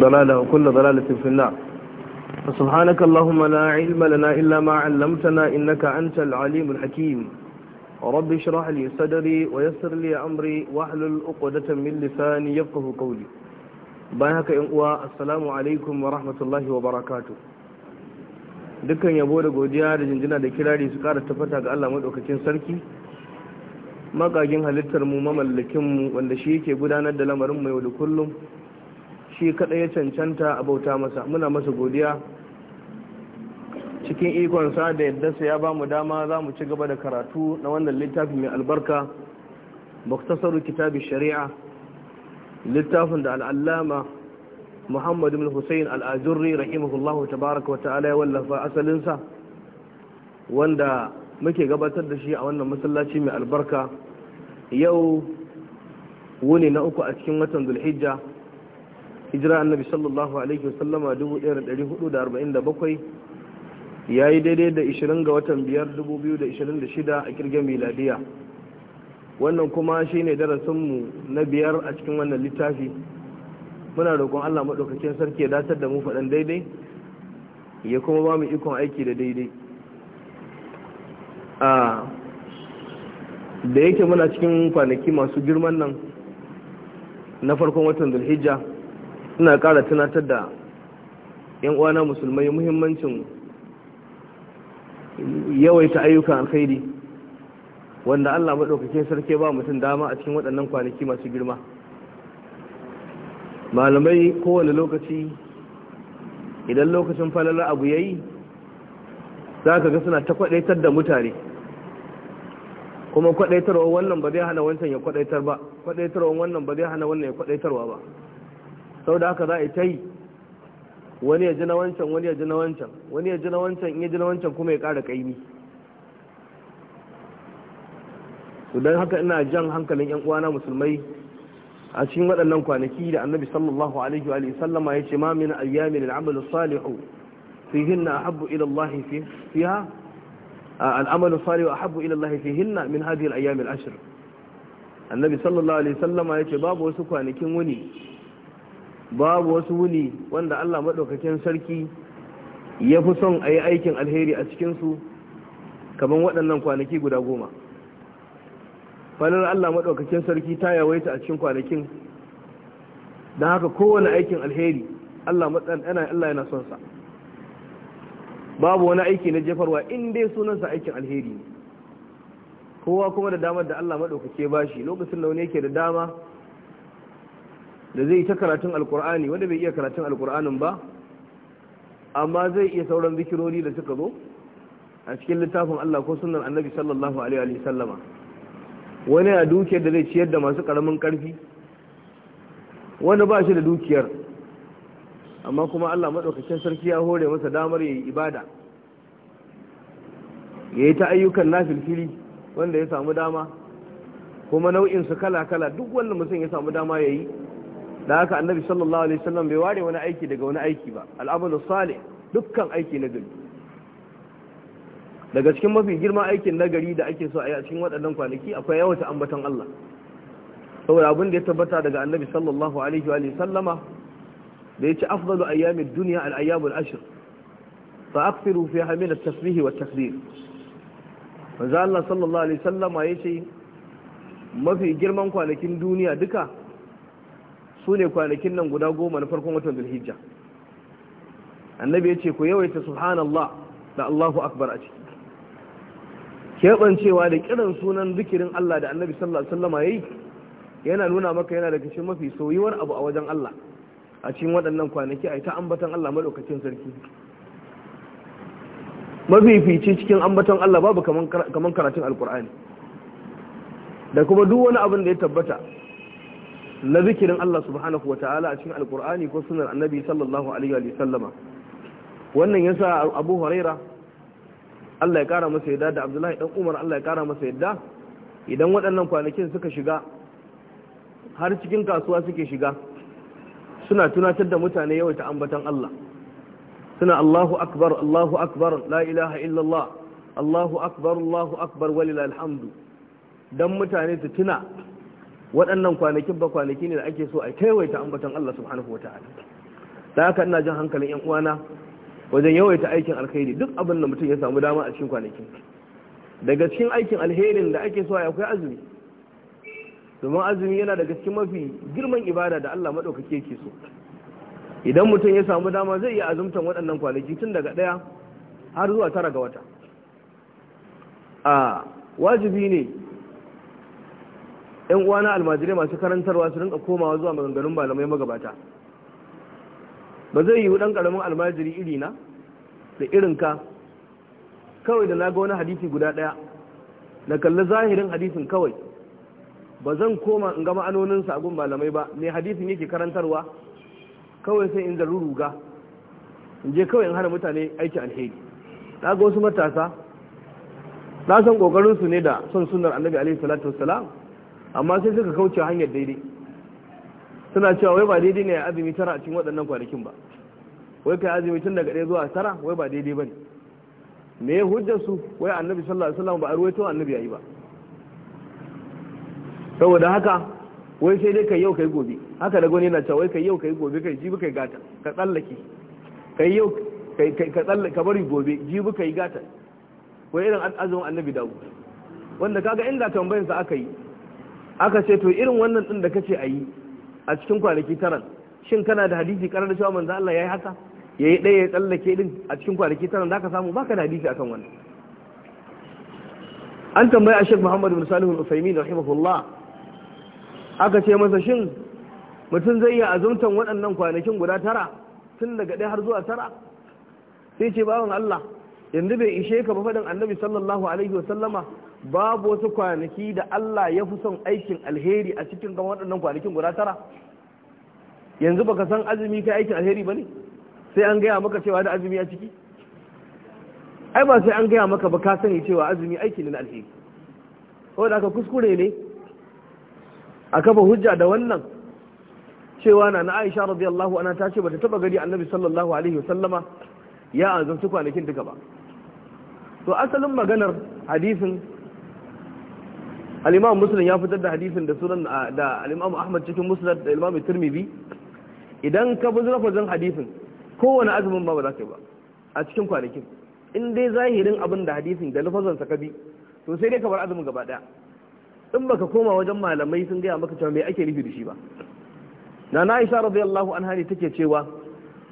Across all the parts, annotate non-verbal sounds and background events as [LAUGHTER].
ضلالة وكل ضلالة في النار فسبحانك اللهم لا علم لنا إلا ما علمتنا إنك أنت العليم الحكيم رب اشرح لي صدري ويسر لي أمري واحلل عقدة من لساني يفقه قولي bayan haka yan uwa assalamu alaikum wa rahmatullahi wa barakatu dukkan yabo da godiya da jinjina da kirari su kara tafata ga Allah madaukakin sarki magagin halittar mu mamallakin mu wanda shi yake gudanar da lamarin mai wa da kullum shi kada ya cancanta a bauta masa muna masa godiya cikin ikon sa da sa ya ba mu dama za mu ci gaba da karatu na wannan littafin mai albarka muktasaru kitabi shari'a littafin da al'allama muhammadu bin hussein al'ajirri rahimahullahu tabaraka wa ta'ala ya wallafa asalinsa wanda muke gabatar da shi a wannan masallaci mai albarka yau wuni na uku a cikin watan zulhijja hijira annabi sallallahu alaihi wasallama 1447 ya yi daidai da 20 ga watan 5 2026 a kirgin miladiya wannan kuma shi ne darasinmu na biyar a cikin wannan littafi muna roƙon allah maɗaukakin sarki ya datar da mu faɗan daidai ya kuma ba mu ikon aiki da daidai da yake muna cikin kwanaki masu girman nan na farkon watan dulhijja ina ƙara tunatar da 'yan uwana musulmai muhimmancin yawaita ayyukan alkhairi wanda Allah maɗaukakin sarki ba mutum dama a cikin waɗannan kwanaki masu girma malamai kowane lokaci idan lokacin falalar abu ya yi za ka ga suna ta kwaɗaitar da mutane kuma kwaɗaitarwa wannan ba zai hana wancan ya kwaɗaitar ba kwaɗaitarwa wannan ba zai hana wannan ya kwaɗaitarwa ba sau da haka za a ta yi wani ya ji na wancan wani ya ji na wancan wani ya ji na wancan in ya ji na wancan kuma ya ƙara ƙaimi don haka ina jan hankalin 'yan uwana musulmai a cikin waɗannan kwanaki da annabi sallallahu alaihi wa sallama ya ce mamin min ayyamin al'amalu salihu fihinna ahabbu ila Allah fiha al'amalu salihu ahabbu ila Allah fihinna min hadhihi al-ayyam al-ashr annabi sallallahu alaihi wa sallama ya ce babu wasu kwanakin wuni babu wasu wuni wanda Allah maɗaukakin sarki ya fi son a yi aikin alheri a cikinsu kamar waɗannan kwanaki guda goma falar Allah maɗaukakin sarki ta yawaita a cikin kwanakin don haka kowane aikin alheri Allah Allah yana son sa babu wani aiki na jefarwa in dai sunansa aikin alheri kowa kuma da damar da Allah maɗaukake bashi lokacin da wani yake da dama da zai ta karatun alkur'ani wanda bai iya karatun alkur'anin ba amma zai iya sauran zikirori da suka zo a cikin littafin Allah ko sunan annabi sallallahu alaihi wa sallama wani a dukiyar da zai ciyar da masu karamin karfi wani ba shi da dukiyar amma kuma Allah maɗaukacin sarki ya hore masa damar yayi ibada ya yi ta ayyukan fili wanda ya samu dama kuma nau'insu kala-kala duk wanda mutum ya samu dama ya yi da haka annabi sallallahu alaihi wasallam bai ware wani aiki daga wani aiki ba al'amalu salih dukkan aiki na gari daga cikin mafi girma aikin gari da ake so a cikin waɗannan kwanaki akwai yawata ambatan Allah saboda abin da ya tabbata daga annabi sallallahu alaihi wa sallama da ya ce afdalu ayyamid dunya al ayyamul ashr fa akthiru fiha min at tasbih wa takbir manzo Allah sallallahu alaihi sallama yace mafi girman kwanakin duniya duka su ne kwanakin nan guda goma na farkon watan zulhijja annabi ya ce ku yawaita subhanallah da allahu akbar a ciki keɓancewa da kiran sunan zikirin allah da annabi sallallahu alaihi wasallam yayi yana nuna maka yana da cikin mafi soyuwar abu a wajen allah a cikin waɗannan kwanaki a ta ambatan allah maɗaukacin sarki mafifici cikin ambaton Allah babu kamar karatun alkur'ani da kuma duk wani abin da ya tabbata na zikirin Allah subhanahu wa ta'ala a cikin alkur'ani ko sunan annabi sallallahu alaihi wa sallama wannan yasa abu huraira Allah ya kara masa yadda da abdullahi dan umar Allah ya kara masa yadda idan waɗannan kwanakin suka shiga har cikin kasuwa suke shiga suna tunatar da mutane yawaita ambatan Allah suna Allahu akbar Allahu akbar la ilaha illallah Allahu akbar Allahu akbar walilal hamdu dan mutane su tuna waɗannan kwanakin ba kwanaki ne da ake so a ta ambaton Allah subhanahu wata'ala da haka ina jin hankalin yan uwana wajen yawaita aikin alkhairi duk abin da mutum ya samu dama a cikin kwanakin daga cikin aikin alherin da ake so akwai azumi domin azumi yana daga cikin mafi girman ibada da Allah madaukake ke so idan mutum ya samu dama zai yi azumta waɗannan kwanaki tun daga ɗaya har zuwa tara ga wata a wajibi ne yan na almajirai masu karantarwa su rinka komawa zuwa maganganun malamai magabata ba zai yiwu dan karamin almajiri iri na da irin ka kawai da na ga wani hadisi guda daya na kalli zahirin hadisin kawai ba zan koma in ga ma'anonin sabon malamai ba mai hadisin yake karantarwa kawai sai in ga in je kawai in hana mutane aiki alheri na ga wasu matasa na san kokarin su ne da son sunnar annabi alaihi salatu wassalam amma sai suka kauce hanyar daidai suna cewa wai ba daidai ne ya azumi tara a cikin waɗannan kwanakin ba wai kai azumi tun daga ɗaya zuwa tara wai ba daidai ba ne me ya hujjar su wai annabi sallallahu alaihi wasallam ba a ruwaito annabi yayi ba saboda haka wai sai dai kai yau kai gobe haka da gwani yana cewa wai kai yau kai gobe kai jibi kai gata ka tsallake kai yau kai ka tsallake ka bari gobe jibi kai gata wai irin azumin annabi dawo wanda kaga inda tambayinsa aka yi aka ce to irin wannan din da kace ayi a cikin kwanaki taran shin kana da hadisi karar da cewa manzo Allah yayi haka yayi ɗaya ya tsallake din a cikin kwanaki taran zaka samu baka da hadisi akan wannan an tambaya a Sheikh Muhammad bin Salih al-Uthaymeen rahimahullah aka ce masa shin mutum zai iya azumtan waɗannan kwanakin guda tara tun daga ɗaya har zuwa tara sai ce bawan Allah yanzu bai ishe ka ba faɗin annabi sallallahu alaihi wa sallama babu wasu kwanaki da Allah ya fi son aikin alheri a cikin kan waɗannan kwanakin guda tara yanzu baka san azumi kai aikin alheri ba ne sai an gaya maka cewa da azumi a ciki ai ba sai an gaya maka ba ka sani cewa azumi aiki ne na alheri da aka kuskure ne a kafa hujja da wannan cewa na na Aisha radiyallahu anha ta ce bata taba gari Annabi sallallahu alaihi wasallama ya su kwanakin duka ba to asalin maganar hadisin al Musulun ya fitar da hadisin da sunan da al ahmad cikin Musulun da al turmibi idan ka bi lafazin hadisin kowane azumin ba ba za ka yi ba a cikin kwanakin in dai zahirin abin da hadisin da sa ka bi to sai dai ka bar azumin gaba daya in baka koma wajen malamai sun gaya maka cewa me ake nufi da shi ba na na isha radiyallahu an ne take cewa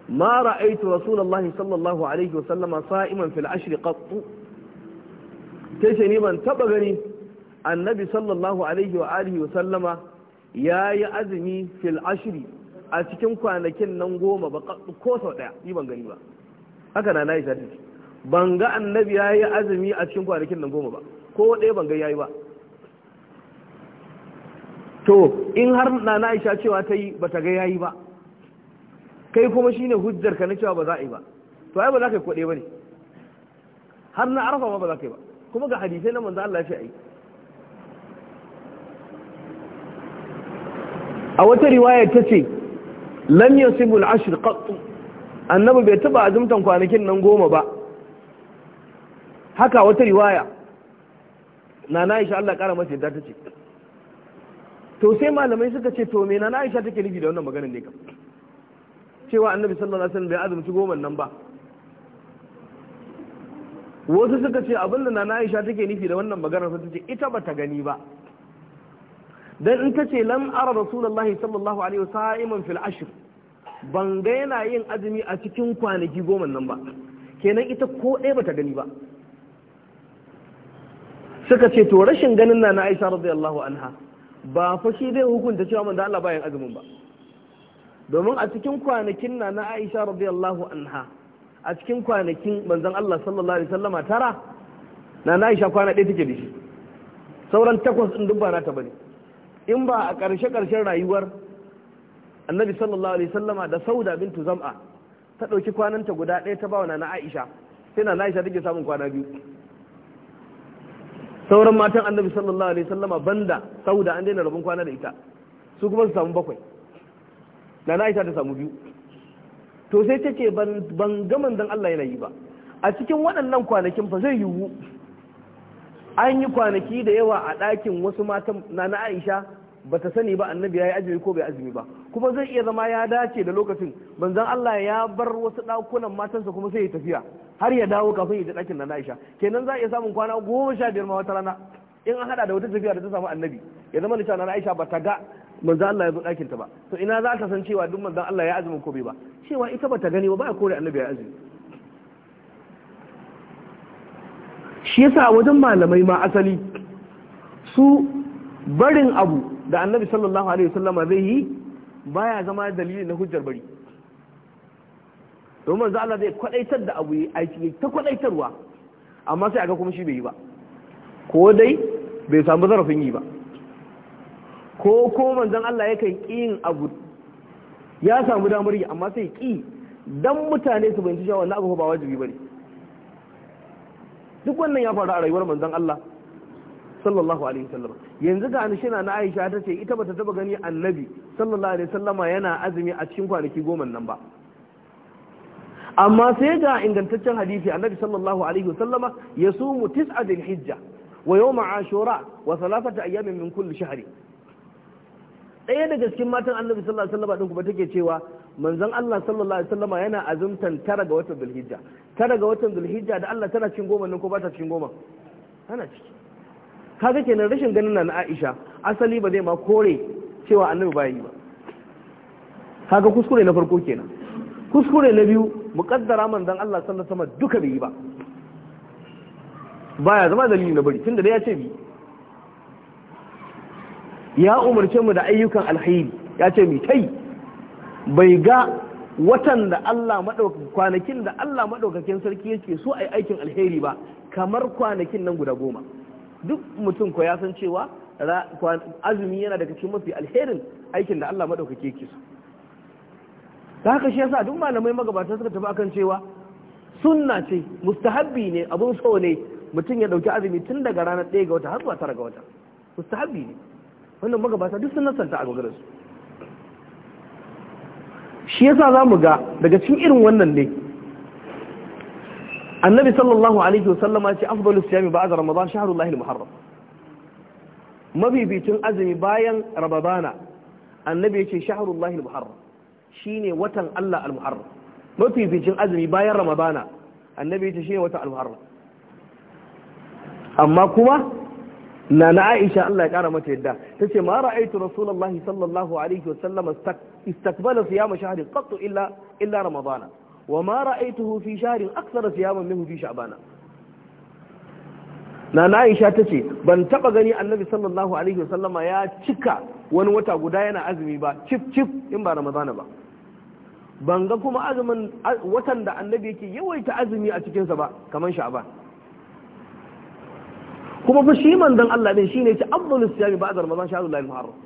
ma ra'aytu rasulullahi sallallahu alaihi wa sallama sa'iman fil ashri qattu sai ni ban taba gani annabi sallallahu alaihi wa alihi wa sallama ya yi azumi fil ashri a cikin kwanakin nan goma ba ko sau daya ni ban gani ba haka na nayi shati ban ga annabi ya yi azumi a cikin kwanakin nan goma ba ko ɗaya ban ga yayi ba to in har na na cewa ta yi ba ta ga yayi ba kai kuma shine hujjar ka na cewa ba za a yi ba to ai ba za ka yi ɗaya ba ne har na arfa ma ba za ka yi ba kuma ga hadisai na manzo Allah ya ce a yi a wata riwaya ta ce lam simul ashr qattu annabi bai taba azumtan kwanakin nan goma ba haka wata riwaya na na Aisha Allah kara masa yadda ta ce to sai malamai suka ce to me na na Aisha take nufi da wannan maganar ne kam cewa annabi sallallahu alaihi wasallam bai azumci goma nan ba wasu suka ce abinda da na Aisha take nufi da wannan maganar ta ce ita bata gani ba dan in kace lam ara rasulullahi sallallahu alaihi wasallam fil ashr ban ga yana yin azumi a cikin kwanaki goma nan ba kenan ita ko ɗaya bata gani ba suka ce to rashin ganin na na Aisha radiyallahu anha ba fa shi zai hukunta cewa manzo Allah yin azumin ba domin a cikin kwanakin na na Aisha radiyallahu anha a cikin kwanakin manzon Allah sallallahu alaihi wasallama tara na na Aisha kwana ɗaya take da shi sauran takwas din duk ba na ta bane in ba a ƙarshe-ƙarshen rayuwar annabi sallallahu alaihi sallama da sauda bintu zam'a ta ɗauki kwananta guda ɗaya ta bawa na aisha sai na aisha take samun kwana biyu sauran matan annabi sallallahu alaihi sallama banda sauda an daina rabin kwana da ita su kuma su samu bakwai na aisha ta samu biyu to sai take ban gaman dan Allah yana yi ba a cikin waɗannan kwanakin fa zai yiwu an yi kwanaki da yawa a ɗakin wasu matan na na aisha ba ta sani ba annabi ya yi azumi ko bai azumi ba kuma zai iya zama ya dace da lokacin banzan Allah ya bar wasu ɗakunan matansa kuma sai ya tafiya har ya dawo kafin ya ji ɗakin na Aisha kenan za a iya samun kwana goma sha biyar ma wata rana in an haɗa da wata tafiya da ta samu annabi ya zama da cewa na Aisha ba ta ga manzan Allah ya zo ɗakin ta ba to ina za ka san cewa duk manzan Allah ya azumi ko bai ba cewa ita ba ta gani ba ba ya kore annabi ya azumi shi yasa wajen malamai ma asali su barin abu da annabi sallallahu alaihi wasallama zai yi baya zama dalili na hujjar bari domin manzo Allah zai kwadaitar da abu yi ta kwadaitarwa amma sai aka kuma shi bai yi ba ko dai bai samu zarafin yi ba ko ko manzon Allah yakan yin abu ya samu damar yi amma sai ki dan mutane su bincika wannan abu ba wajibi bane duk wannan ya faru a rayuwar manzon Allah sallallahu alaihi wasallam yanzu ga anishina na Aisha ta ce ita bata taba gani annabi sallallahu alaihi wasallama yana azumi a cikin kwanaki goma nan ba amma sai ga ingantaccen hadisi annabi sallallahu alaihi wasallama yasumu tis'a dil hijja wa yawm ashura wa thalathata ayamin min kulli shahri ɗaya daga cikin matan annabi sallallahu alaihi wasallama din ba take cewa manzon Allah sallallahu alaihi wasallama yana azumtan tara ga watan zulhijja tara ga watan zulhijja da Allah tana cin goma ne ko ba ta cin goma tana ciki kaga kenan rashin ganin na Aisha asali ba zai ma kore cewa annabi ba yi ba kaga kuskure na farko kenan kuskure na biyu muqaddara manzon Allah sallallahu alaihi wasallama duka bai yi ba baya zama dalili na bari tunda da ya ce bi ya umarce mu da ayyukan alkhairi ya ce mi tai bai ga watan da Allah kwanakin da Allah maɗaukakin sarki yake so a yi aikin alheri ba kamar kwanakin nan guda goma duk mutum ko ya san cewa azumi yana daga cikin mafi alherin aikin da Allah maɗaukaki yake so ta haka shi yasa duk malamai magabata suka tafi akan cewa sunna ce mustahabbi ne abun so ne mutum ya ɗauki azumi tun daga ranar ɗaya ga wata har zuwa tara ga wata mustahabbi ne wannan magabata duk sun nasanta a gwagwarsu shi yasa za mu ga daga cikin irin wannan ne annabi sallallahu alaihi wasallam ya ce afdalus siyami ba'da ramadan shahrullahi al-muharram mabibicin azumi bayan ramadana annabi ya ce shahrullahi al-muharram shine watan Allah al-muharram mabibicin azumi bayan ramadana annabi ya ce shine watan al-muharram amma kuma na na aisha Allah ya kara mata yadda ta ce ma ra'aitu rasulullahi sallallahu alaihi wa sallam istakbala siyama shahrin qattu illa illa ramadana wa ma ra'aituhu fi shahrin akthara siyaman minhu fi sha'bana na na aisha ta ce ban taba gani annabi sallallahu alaihi wa sallama ya cika wani wata guda yana azumi ba cif cif in ba ramadana ba ban ga kuma azumin watan da annabi yake yawaita azumi a cikinsa ba kamar sha'ban kuma fa shi manzon Allah din shine ce afdalu siyami da ramadan shahrullahi muharram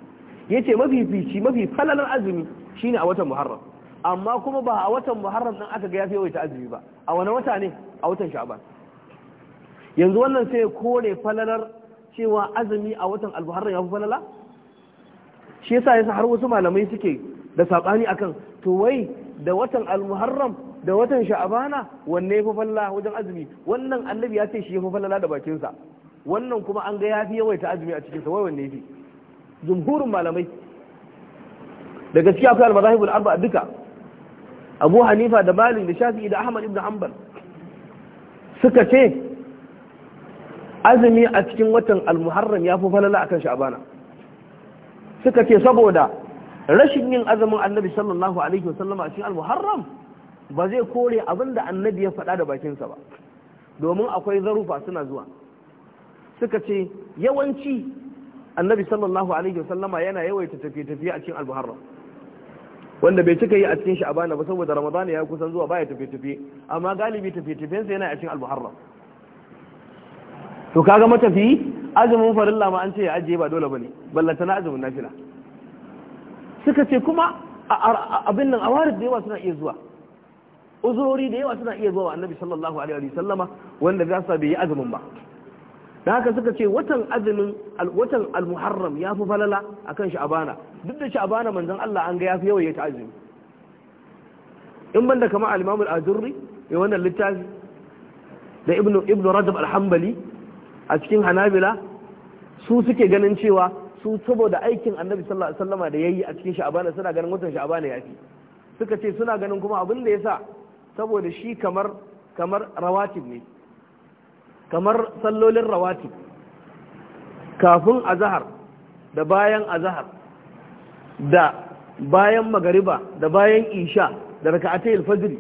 yace mafi fici mafi falalar azumi shine a watan muharram amma kuma ba a watan muharram din aka ga yafi yawaita azumi ba a wani wata ne a watan sha'ban yanzu wannan sai kore falalar cewa azumi a watan al-muharram yafi falala shi yasa yasa har wasu malamai suke da sabani akan to wai da watan al-muharram da watan sha'abana wanne ya fi falala wajen azumi wannan annabi ya ce shi ya fi falala da bakinsa wannan kuma an ga yafi yawaita azumi a cikin sa wai wanne yafi jumhurin malamai da gaskiya akwai al-mazahibul arba duka Abu Hanifa da Malik da Shafi'i da Ahmad ibn Hanbal suka ce azumi a cikin watan al ya yafi falala akan Sha'bana suka ce saboda rashin yin azumin Annabi sallallahu alaihi wasallam a cikin al ba zai kore da Annabi ya faɗa da bakinsa ba domin akwai zarufa suna zuwa suka ce yawanci annabi sallallahu alaihi wasallama yana yawaita tafiye-tafiye a cikin almuharram wanda bai cika yi a cikin bana ba saboda ramadana ya kusan zuwa baya tafiye-tafiye amma galibi tafiye-tafiyensa yana a cikin almuharram to kaga matafiyi azumin farilla ma an ce ya ajiye ba dole bane ballanta na azumin nafila suka ce kuma abin nan awarid da yawa suna iya zuwa uzurori da yawa suna iya zuwa annabi sallallahu alaihi wasallama wanda za su bai yi azumin ba da haka suka ce watan azumin watan al-muharram ya fi falala akan sha'abana duk da sha'abana manzon Allah an ga yafi yawaye ta azumi in banda kamar al-imam al-azurri ya wannan littafi da ibnu ibnu rajab al-hanbali a cikin hanabila su suke ganin cewa su saboda aikin annabi sallallahu alaihi wasallama da yayi a cikin sha'abana suna ganin watan sha'abana fi suka ce suna ganin kuma abin da ya sa saboda shi kamar kamar rawatib ne kamar sallolin rawati kafin azahar da bayan azahar da bayan magariba da bayan isha da raka'atai alfajiri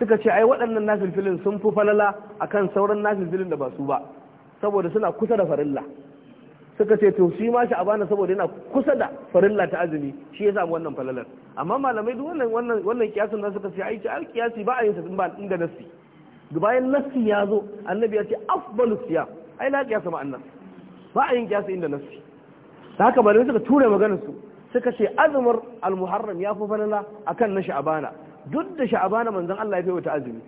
suka ce ai waɗannan nafilfilin sun fi falala akan sauran nafilfilin da ba su ba saboda suna kusa da farilla suka ce to shi ma sha'abana saboda yana kusa da farilla ta azumi shi ya samu wannan falalar amma malamai duk wannan wannan kiyasin nan suka ce ai ai kiyasi ba a yin sa in ba inda nasi bayan nassi ya zo annabi ya ce afbalu siya ai na kiyasa ma annas ba a yin kiyasa inda nassi ta haka malamai suka tura maganar su suka ce azumin almuharram ya fi falala akan na sha'abana duk da sha'abana manzon Allah ya fi wata azumi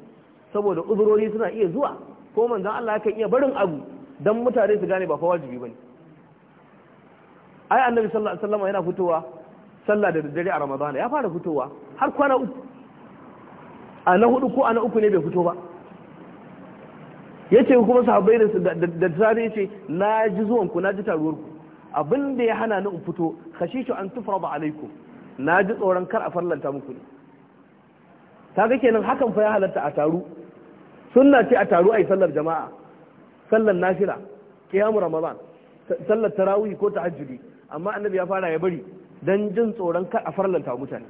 saboda uzurori suna iya zuwa ko manzon Allah kan iya barin abu dan mutane su gane ba fa wajibi bane ai annabi sallallahu alaihi wasallam yana fitowa sallah da daddare a ramadana ya fara fitowa har kwana uku a na hudu ko a na uku ne bai fito ba yace kuma sahabbai da da sare yace na ji zuwan ku na ji taruwar ku abin da ya hana ni in fito khashishu an tufrada alaikum na ji tsoron kar a farlanta muku ne kaga kenan hakan fa ya halatta a taru sunna ce a taru ai sallar jama'a sallar nafila qiyamu ramadan sallar tarawih ko tahajjudi amma annabi ya fara ya bari dan jin tsoron kar a farlanta mutane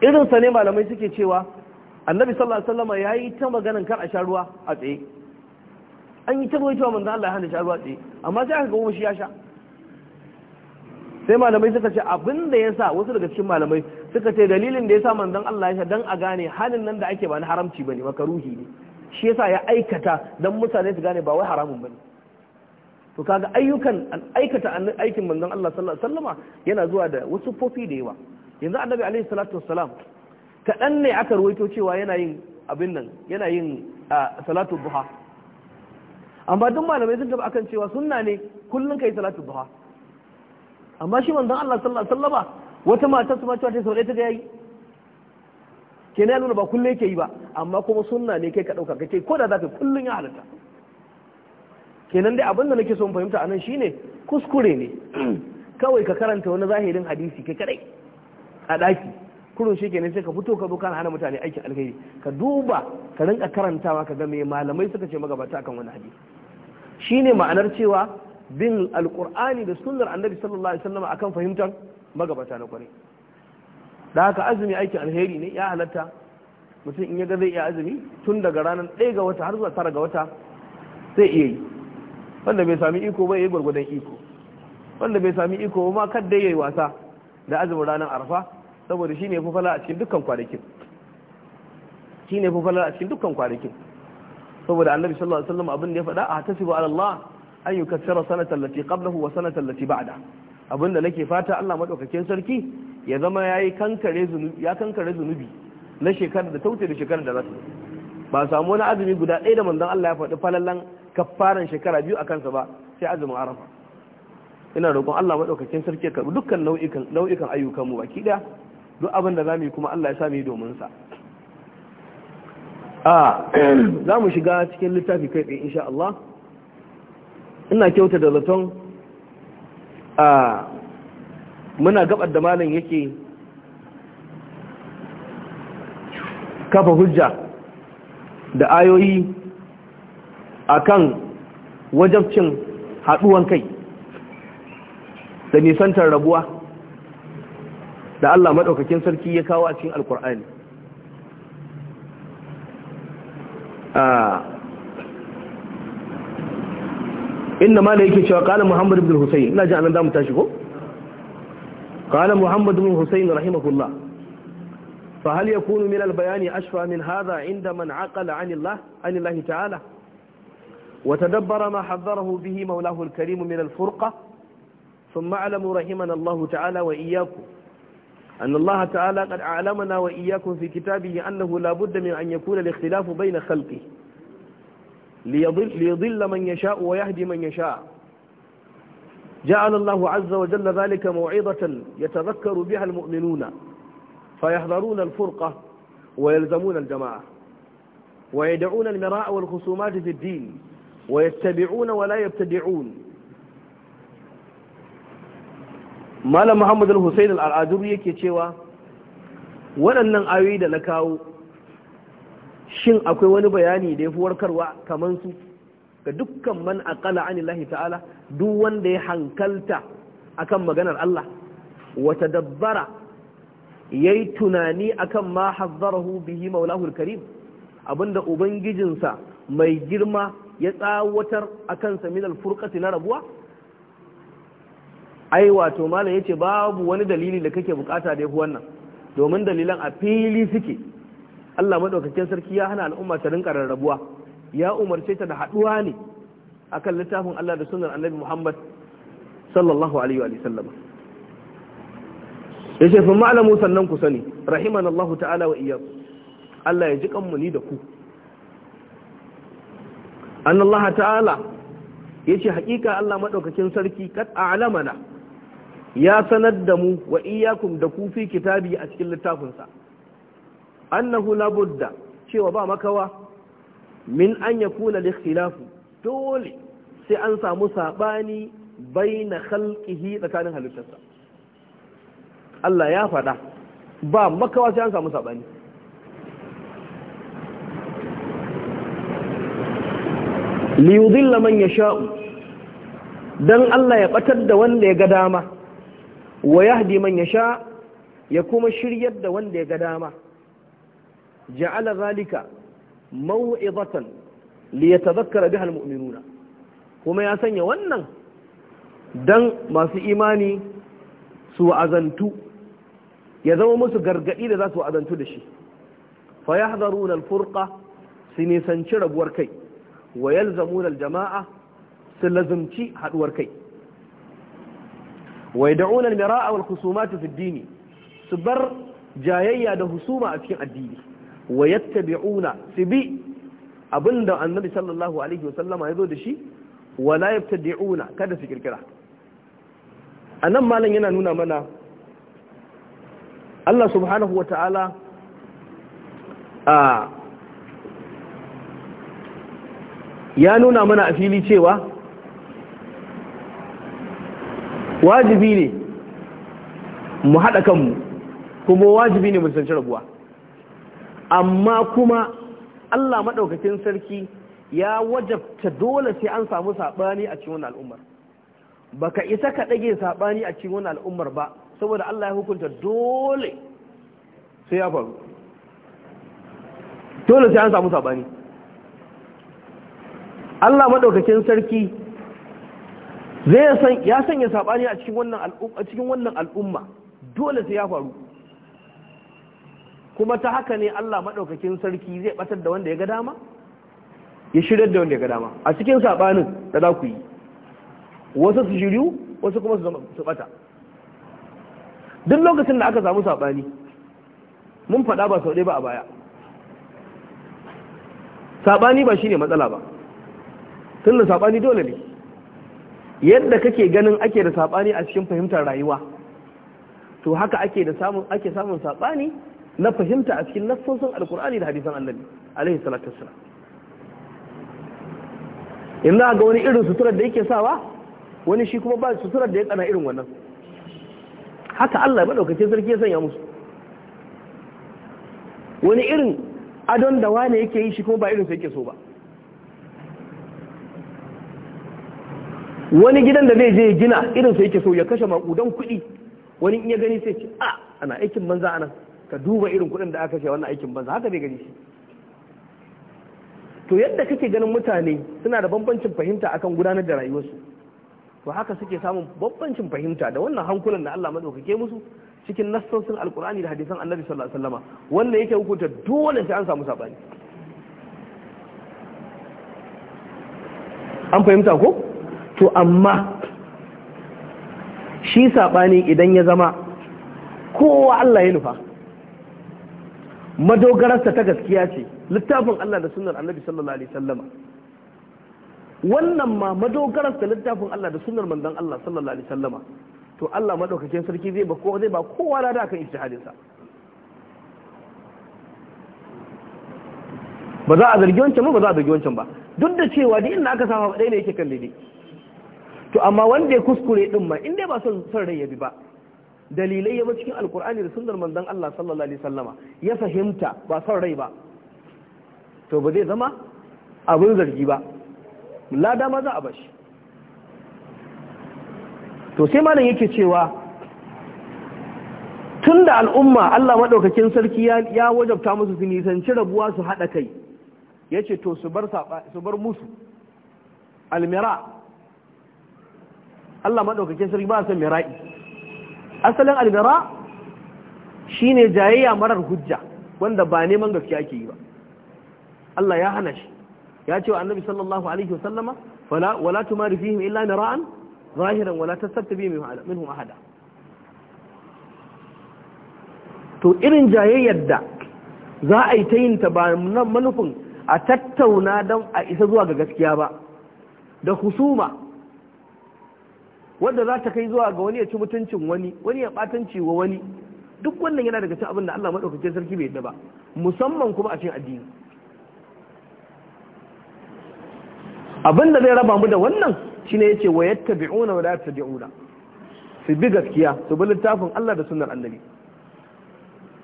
irin sa ne malamai suke cewa annabi sallallahu alaihi wasallam yayi ta maganan kar a sha ruwa a tsaye an yi ta ruwa cewa manzo Allah ya hana sha ruwa a tsaye amma sai aka ga shi ya sha sai malamai suka ce abin da ya sa wasu daga cikin malamai suka ce dalilin da ya sa manzon Allah ya sha dan a gane halin nan da ake ba na haramci bane makaruhi ne shi yasa ya aikata dan mutane su gane ba wai haramun bane to kaga ayyukan aikata aikin manzon Allah sallallahu alaihi wasallama yana zuwa da wasu fofi da yawa yanzu annabi alaihi salatu wassalam kaɗan ne aka ruwaito cewa yana yin abin nan yana yin salatu duha amma duk malamai sun taba akan cewa sunna ne kullum kai salatu duha amma shi manzon Allah sallallahu alaihi wasallam wata mata su ma cewa ta sau ta ga yayi kenan ya nuna ba kullum yake yi ba amma kuma sunna ne kai ka dauka kace ko da zaka kullum ya halatta kenan dai abin da nake son fahimta anan shine kuskure ne [CLEARS THROAT] kawai ka karanta wani zahirin hadisi kai kadai a daki kurun shi ne sai ka fito ka zo kana hana mutane aikin alheri ka duba ka rinka karantawa ka ga me malamai suka ce magabata akan wani hadisi shine ma'anar cewa bin alqur'ani da sunnar annabi sallallahu alaihi wasallam akan fahimtar magabata na kwari da haka azumi aikin alheri ne ya halatta mutum in ya ga zai iya azumi tun daga ranar ɗaya ga wata har zuwa tara ga wata zai iya yi wanda bai sami iko ba yayi yi iko wanda bai sami iko ba ma kadda ya yi wasa da azumin ranar arfa saboda shi ne fufala a cikin dukkan kwanakin shi ne fufala a cikin dukkan kwanakin saboda annabi sallallahu alaihi wasallam abin da ya faɗa a tasibu ala Allah an yukaffira sanatan lati qablahu wa sanatan lati ba'da abin da nake fata Allah madaukakin sarki ya zama yayi kankare zunubi ya kankare zunubi na shekarar da tauce da shekarar da zasu ba samu wani azumi guda ɗaya da manzon Allah ya faɗi falalan kafaran shekara biyu a kansa ba sai azumin Arafa ina roƙon Allah madaukakin sarki ya karbi dukkan nau'ikan nau'ikan ayyukan mu baki daya duk abin da za mu yi kuma Allah ya sa mu yi domin sa a za mu shiga cikin littafi kai tsaye insha Allah ina kyauta da zaton a muna gabar da malam yake kafa hujja da ayoyi akan wajabcin haduwan kai da nisantar rabuwa da Allah madaukakin sarki ya kawo a cikin alkur'ani inda ma da yake cewa kala muhammad ibn husayn ina ji anan zamu tashi ko kala muhammad ibn husayn rahimahullah fa hal yakunu min al ashwa min hadha inda man aqala an Allah an Allah ta'ala وتدبر ما حذره به مولاه الكريم من الفرقة ثم اعلموا رحمنا الله تعالى وإياكم أن الله تعالى قد أعلمنا وإياكم في كتابه أنه لا بد من أن يكون الاختلاف بين خلقه ليضل, ليضل من يشاء ويهدي من يشاء جعل الله عز وجل ذلك موعظة يتذكر بها المؤمنون فيحذرون الفرقة ويلزمون الجماعة ويدعون المراء والخصومات في الدين ويتبعون ولا يبتدعون malam Muhammadu al-hussein al-al'aduru yake cewa waɗannan ayoyi da na kawo shin akwai wani bayani da ya fi warkarwa kamar su ga dukkan man aqala anillahi ta'ala duk wanda ya hankalta akan maganar Allah wata dabbara yayi tunani akan ma hazzarahu bihi maulahu karim abinda ubangijinsa mai girma ya tsawatar akan sa min furqati na rabuwa ai wato malam yace babu wani dalili da kake bukata da yafi wannan domin dalilan a fili suke Allah madaukakin sarki ya hana al'umma ta rinka rarrabuwa ya umarce ta da haduwa ne akan littafin Allah da sunnar Annabi Muhammad sallallahu alaihi wa sallam yace fa ma'lamu sannan ku sani rahimanallahu ta'ala wa iyyakum Allah ya ji kanmu ni da ku annallaha ta'ala yace hakika Allah madaukakin sarki kad a'lamana ya sanar da mu wa iyakun da ku kitabi a cikin littafinsa annahu labudda cewa ba makawa min an yakuna likhtilafu dole sai an samu sabani baina khalqihi tsakanin halittarsa Allah ya faɗa ba makawa sai an samu sabani yudilla man yasha'u dan Allah ya batar da wanda ya ga dama wa yahdi man yasha ya kuma shiryar da wanda ya ga dama ja'ala zalika maw'izatan li yatadhakkara biha almu'minuna kuma ya sanya wannan dan masu imani su azantu ya zama musu gargadi da za su azantu da shi fa yahdharuna alfurqa su nisanci rabuwar kai wa yalzamuna aljama'a su lazumci haduwar kai Wai yad'una al-mira'a wal khusumatu fi ad-din su bar jayayya da husuma a cikin addini wa yattabi'una sibi abinda annabi sallallahu alaihi wasallama yazo da shi wa la yabtadi'una kada anan malam yana nuna mana Allah subhanahu wa ta'ala ya nuna mana a fili cewa wajibi ne mu haɗa kanmu kuma wajibi ne mu sanci rabuwa amma kuma Allah maɗaukacin sarki ya wajabta dole sai an samu saɓani a cikin wani al'ummar ba ka isa ka ɗage saɓani a cikin wani al'ummar ba saboda Allah ya hukunta dole sai ya faru dole sai an samu saɓani Allah maɗaukacin sarki zai ya sanya sabani a cikin wannan al'umma cikin wannan al'umma dole sai ya faru kuma ta haka ne Allah madaukakin sarki zai batar da wanda ya ga dama ya shirye da wanda ya ga dama a cikin sabanin da za ku yi wasu su shiryu wasu kuma su bata duk lokacin da aka samu sabani mun faɗa ba sau ɗaya ba a baya sabani ba shine matsala ba tunda sabani dole ne yadda kake ganin ake da saɓani a cikin fahimtar rayuwa to haka ake da samun ake samun saɓani na fahimta a cikin nassosin alkur'ani da hadisan annabi alaihi salatu wassalam in ga wani irin suturar da yake sawa wani shi kuma ba suturar da ya tsana irin wannan haka Allah ya madaukake sarki ya sanya musu wani irin adon da wane yake yi shi kuma ba irin sa yake so ba wani gidan da zai je gina irin sai yake so ya kashe makudan kuɗi wani in ya gani sai ce a ah, ana aikin banza ana ka duba irin kuɗin da aka kashe wannan aikin banza haka bai gani shi to yadda kake ganin mutane suna da bambancin fahimta akan gudanar da rayuwarsu to haka suke samun bambancin fahimta da wannan hankulan da Allah madaukake musu cikin nassosin alkur'ani da hadisan annabi sallallahu alaihi wasallama wanda yake hukunta dole sai an samu sabani an fahimta ko to amma shi saɓani idan ya zama kowa Allah ya nufa madogararsa ta gaskiya ce littafin Allah da sunar annabi sallallahu alaihi sallama wannan ma madogararsa littafin Allah da sunar manzon Allah sallallahu alaihi sallama to Allah maɗaukakin sarki zai ba kowa zai ba kowa da akan ijtihadin sa ba za a zargi wancan ba ba za a zargi wancan ba duk da cewa da inda aka samu ɗaya ne yake kan daidai to amma wanda ya kuskure din ma in dai ba son son rai ya bi ba dalilai ya ba cikin alkur'ani da sunnar manzon Allah sallallahu alaihi wasallama ya fahimta ba son rai ba to ba zai zama abin zargi ba lada ma za a bashi to sai malam yake cewa tun tunda al'umma Allah madaukakin sarki ya wajabta musu su nisanci rabuwa su haɗa kai yace to su bar su bar musu almira Allah maɗaukakin sarki ba son mira'i asalin almira ne jayayya marar hujja wanda ba neman gaskiya ake yi ba Allah ya hana shi ya ce wa annabi sallallahu alaihi wa sallama wala tu tumari fihim illa mira'an zahiran wala tasattabi minhum ahada to irin jayayyar da za a yi ta yin ta ba manufin a tattauna don a isa zuwa ga gaskiya ba da husuma wanda za ta kai zuwa ga wani ya ci mutuncin wani wani ya batanci wa wani duk wannan yana daga cikin abin da Allah madaukakin sarki bai yadda ba musamman kuma a cikin addini abin da zai raba mu da wannan shine yace wa yattabi'una wa la yattabi'una su bi gaskiya su bi littafin Allah da sunnar annabi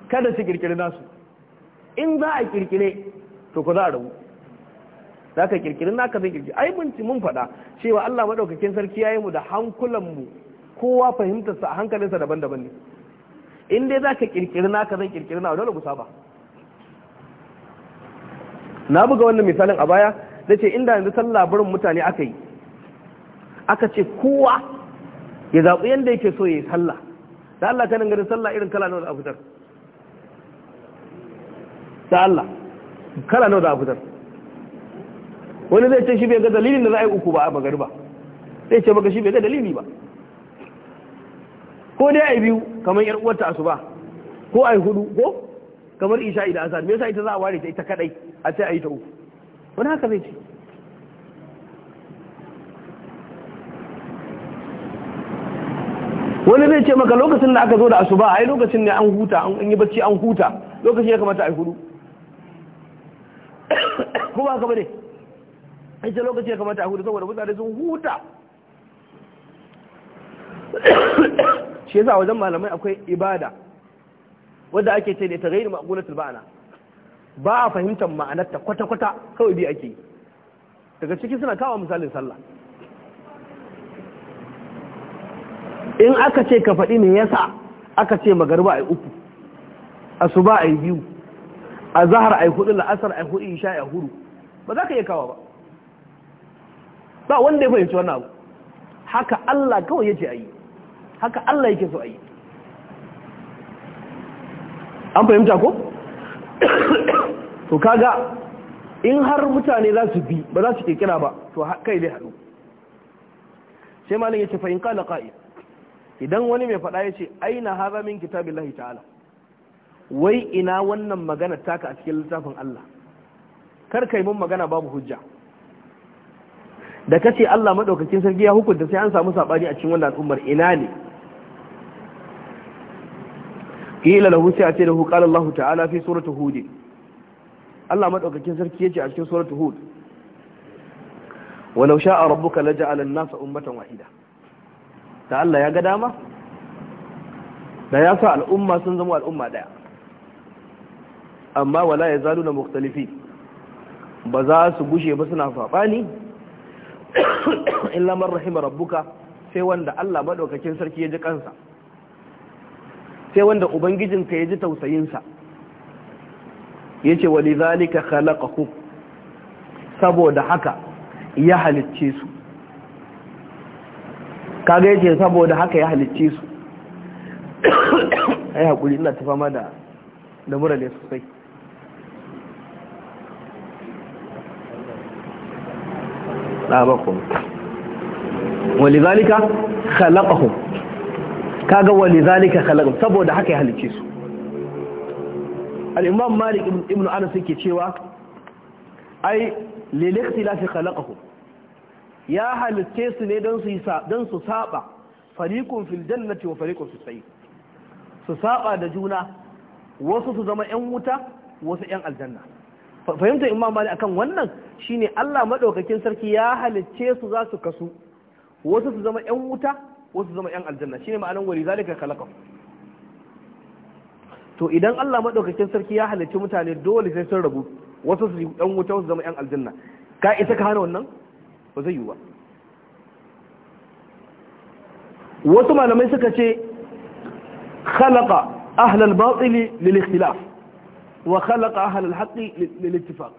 kada su kirkire nasu in za a kirkire to ku za a rabu za ka kirkiri ka zai kirkiri ai mun mun faɗa cewa Allah madaukakin sarki yayi mu da hankulan mu kowa fahimtar sa hankalinsa daban-daban ne in dai za ka kirkiri ka zai kirkiri na dole ku saba na buga wannan misalin a baya da ce inda yanzu sallah barin mutane aka yi aka ce kowa ya zaɓi yadda yake so ya yi sallah da Allah kanin ganin sallah irin kala nawa da a fitar da Allah kala nawa da a fitar wani zai ce shi bai ga dalilin da za a yi uku ba a magariba zai ce maka shi bai ga dalili ba ko dai a yi biyu kamar yar uwarta ba, ko a yi hudu ko kamar isha ida azhar me yasa ita za a ware ta ita kadai a ce a yi ta uku wani haka zai ce wani zai ce maka lokacin da aka zo da asuba ai lokacin ne an huta an yi bacci an huta lokacin ya kamata a yi hudu [COUGHS] ko ba ne ita lokaci ya kamata a huta saboda mutane sun huta shi yasa wajen malamai akwai ibada wadda ake ce da ta gairi ma'agulatul ba'ana ba a fahimtar ma'anarta kwata-kwata kawai bi ake daga ciki suna kawo misalin sallah in aka ce ka faɗi ne yasa aka ce magarba a a uku asuba a yi biyu a zahar a yi hudu la'asar a yi hudu isha a hudu ba za ka iya kawo ba ba wanda ya fahimci wannan abu haka Allah kawai yace ayi haka Allah yake so ayi an fahimta ko [COUGHS] to kaga in har mutane za su bi ba za su kirkira ba to kai zai haɗu sai malin ya ce fahim kala ƙa'i idan wani mai faɗa ya ce aina haɗa min kitabin lahi ta'ala wai ina wannan magana taka a cikin littafin Allah kar kai mun magana babu hujja da kace Allah maɗaukakin sarki ya hukunta sai an samu saɓani a cikin wannan al'ummar ina ne qila lahu sai a ce da qala Allah ta'ala fi surati hud Allah maɗaukakin sarki ya ce a cikin surati hud walau sha'a rabbuka laja'ala an-nasa ummatan wahida ta Allah ya ga dama da ya sa al'umma sun zama al'umma ɗaya. amma wala yazaluna mukhtalifin ba za su gushe ba suna faɓani [COUGHS] illa man rahima rabbuka sai wanda Allah madaukakin sarki ya ji kansa sai wanda ubangijin ka ya ji tausayin sa yace walizalika khalaqakum saboda haka ya halicce su kaga yace saboda haka ya halicce su [COUGHS] ai hakuri ina tafama da da murale sosai asabahum walizalika khalaqahum kaga walizalika khalaqahum saboda haka ya halice su al-imam malik ibn anas yake cewa ai lil ikhtilafi khalaqahum ya halice su ne don su yi don su saba fariqun fil jannati wa fariqun fis sayyi su saba da juna wasu su zama yan wuta wasu yan aljanna fahimtar imam mali akan wannan shine Allah madaukakin sarki ya halicce su za su kasu wasu su zama yan wuta wasu su zama yan aljanna shine ma'anar wali zalika khalaqa to idan Allah madaukakin sarki ya halicci mutane dole sai sun rabu wasu su yan wuta wasu zama yan aljanna ka isa ka hana wannan ba zai yiwu ba wasu malamai suka ce khalaqa ahlal batili lil ikhtilaf wa khalaqa ahal al-haqq lil ittifaq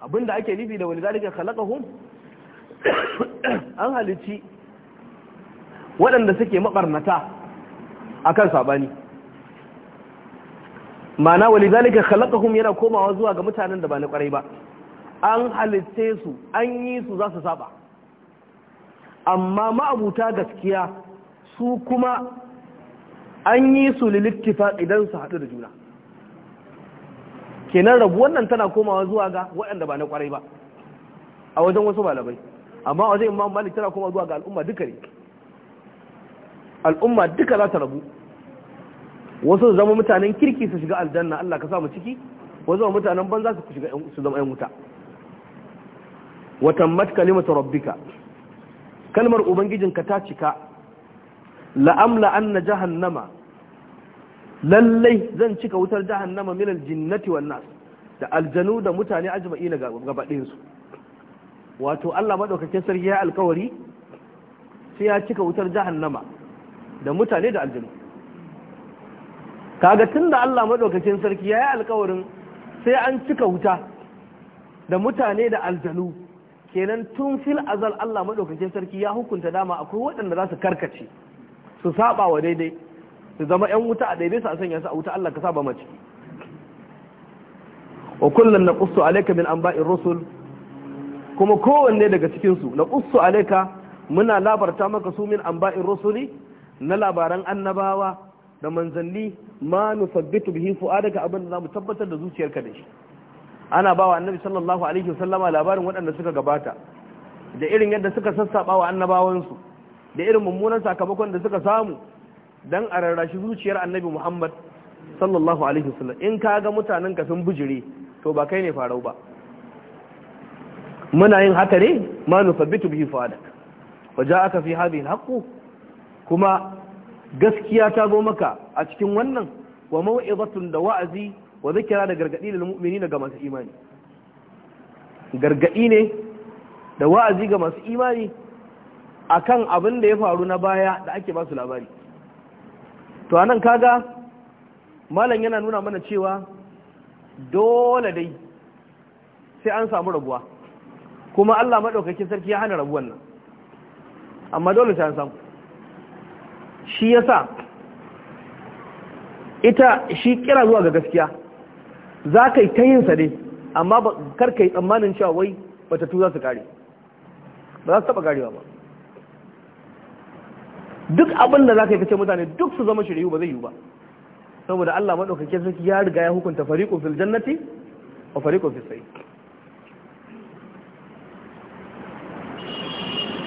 abinda ake nufi da walidalika khalaqahum an halici waɗanda suke mabarnata akan sabani ma'ana walidalika khalaqahum yana komawa zuwa ga mutanen da ba na kwarai ba an halitte su an yi su za su saba amma ma'abuta gaskiya su kuma an yi su lilittifa idan su haɗu da juna kenan rabu wannan tana komawa zuwa ga waɗanda ba na kwarai ba a wajen wasu malamai amma a wajen imam malik tana komawa zuwa ga al'umma duka ne al'umma duka za ta rabu wasu zama mutanen kirki su shiga aljanna Allah ka sa mu ciki wasu zama mutanen banza su shiga su zama yan wuta wa tammat kalimatu rabbika kalmar ubangijinka ta cika la'amla anna jahannama lallai zan cika wutar jahannama min aljinnati wan nas da aljanu da mutane na gabaɗin su wato Allah madaukakin sarki ya alkawari sai ya cika wutar jahannama da mutane da aljanu kaga tunda Allah madaukakin sarki ya yi alkawarin sai an cika wuta da mutane da aljanu kenan tun fil azal Allah madaukakin sarki ya hukunta dama akwai waɗanda za su karkace su saba wa daidai su zama yan wuta a ɗaibe su a sanya su a wuta Allah ka saba mace wa kullum na ƙusu alaika min an ba'in rasul kuma kowanne daga cikinsu na ƙusu alaika muna labarta maka su min an ba'in rusuli na labaran annabawa da manzanni ma nusabbitu bihi fu'adaka abin da zamu tabbatar da zuciyarka da shi ana bawa annabi sallallahu alaihi wasallama labarin waɗanda suka gabata da irin yadda suka sassaɓa wa annabawansu da irin mummunan sakamakon da suka samu dan a rarrashi zuciyar annabi Muhammad sallallahu alaihi wasallam in ka ga mutanen ka sun bujire to ba kai ne farau ba muna yin haka ne ma nusabbitu bihi fadak wa ja'aka fi hadhihi alhaqu kuma gaskiya ta zo maka a cikin wannan wa mau'izatun da wa'azi wa zikra da gargadi lil mu'minina ga masu imani gargadi ne da wa'azi ga masu imani akan abin da ya faru na baya da ake ba su labari to anan kaga malam yana nuna mana cewa dole dai sai an samu rabuwa kuma Allah madaukakin sarki ya hana rabuwan nan amma dole sai an samu shi yasa ita shi kira zuwa ga gaskiya za ka yi ta yin sa ne amma kar ka yi tsammanin cewa wai batattu za su kare ba za su taɓa karewa ba duk abin da za ka yi kace mutane duk su zama shiriyu ba zai yi ba saboda Allah madaukakin sarki ya riga ya hukunta fariqun fil jannati wa fariqun fis sayyi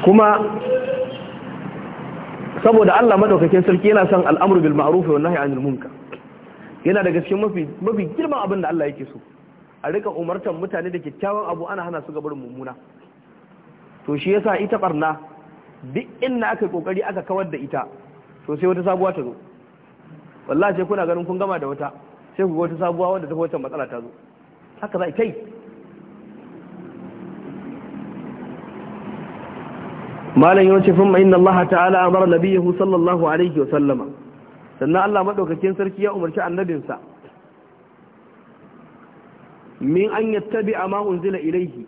kuma saboda Allah madaukakin sarki yana son al'amru bil ma'ruf wa nahyi anil munkar yana daga cikin mafi mafi girman abin da Allah yake so a rika umartan mutane da kyakkyawan abu ana hana su ga barin mummuna to shi yasa ita barna duk inda aka yi kokari aka kawar da ita to sai wata sabuwa ta zo wallahi sai kuna ganin kun gama da wata sai ku ga wata sabuwa wanda ta wata matsala ta zo haka za kai malam yau ce fun inna Allah ta'ala amara nabiyahu sallallahu alaihi wa sallama sannan Allah madaukakin sarki ya umarci annabinsa min an yattabi ma unzila ilaihi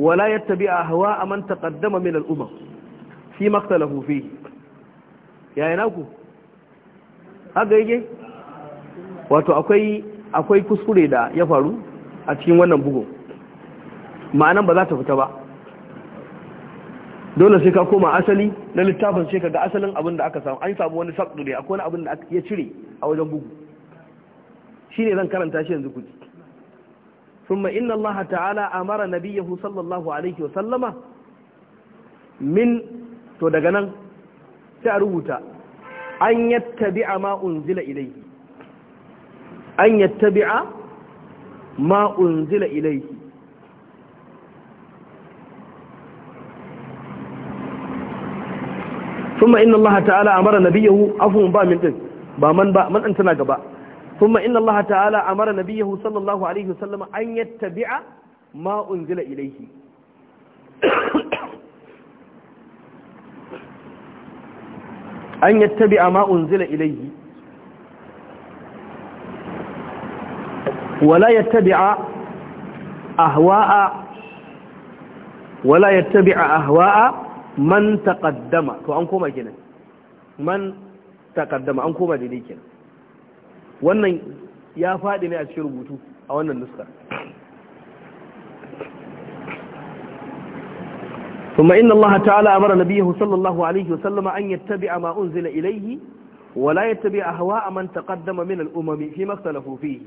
wala yattabi ahwa man taqaddama min al-umam fi maktala hufi yayi naku haka yake wato akwai kuskure da ya faru a cikin wannan bugu ma'anan ba za ta fita ba dole sai ka koma asali na littafin sai ka ga asalin abin da aka samu an samu wani sakdu ne akwai wani abin da ya cire a wajen bugu shine zan karanta shi yanzu kuji ثم إن الله تعالى أمر نبيه صلى الله عليه وسلم من to daga nan sai a rubuta an yattabi'a ma unzila ilayhi an yattabi'a ma unzila ilayhi ثم إن الله تعالى أمر نبيه أفهم با من ذلك ba man ba man tana gaba kuma inna Allah ta'ala a amara nabiyahu sallallahu alaihi wasallam an yattabi'a ma unzila ilayhi an yattabi a ma'unzila ilayhi wala ya tabi a ahwa'a wala ya tabi a ahwa'a man taƙaddama to an koma kenan man taƙaddama an koma daidai kenan wannan ya faɗi ne a cikin rubutu a wannan nuskar ثم إن الله تعالى أمر نبيه صلى الله عليه وسلم أن يتبع ما أنزل إليه ولا يتبع أهواء من تقدم من الأمم فيما اختلفوا فيه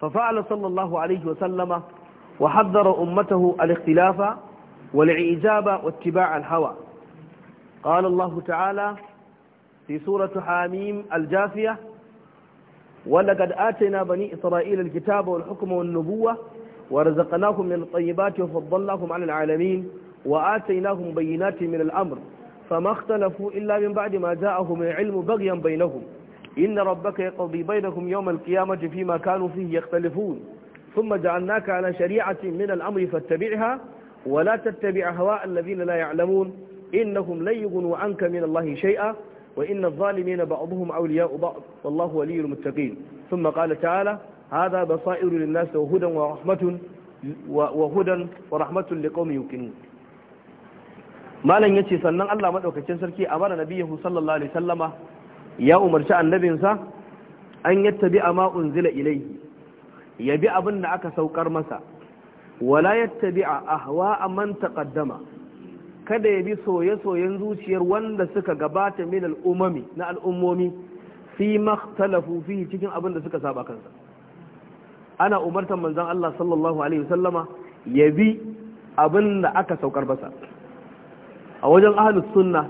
ففعل صلى الله عليه وسلم وحذر أمته الاختلاف والعجاب واتباع الهوى قال الله تعالى في سورة حاميم الجافية ولقد آتينا بني إسرائيل الكتاب والحكم والنبوة ورزقناهم من الطيبات وفضلناهم على العالمين وآتيناهم بينات من الأمر فما اختلفوا إلا من بعد ما جاءهم العلم بغيا بينهم إن ربك يقضي بينهم يوم القيامة فيما كانوا فيه يختلفون ثم جعلناك على شريعة من الأمر فاتبعها ولا تتبع هواء الذين لا يعلمون إنهم لن يغنوا عنك من الله شيئا وإن الظالمين بعضهم أولياء بعض والله ولي المتقين ثم قال تعالى هذا بصائر للناس وهدى ورحمة وهدى ورحمة لقوم يوقنون malam ya ce sannan Allah Maɗaukacin sarki amara nabiyahu sallallahu alaihi ya umarci annabinsa an a ma'un unzila ilaihi ya bi abin da aka saukar masa wala yattabi'a ahwa man taqaddama kada ya bi soye-soyen zuciyar wanda suka gabata min al'umami na al'ummomi fi makhtalafu fi cikin abin da suka saba kansa ana umartar manzon Allah sallallahu alaihi ya bi abin da aka saukar masa a wajen ahalus sunna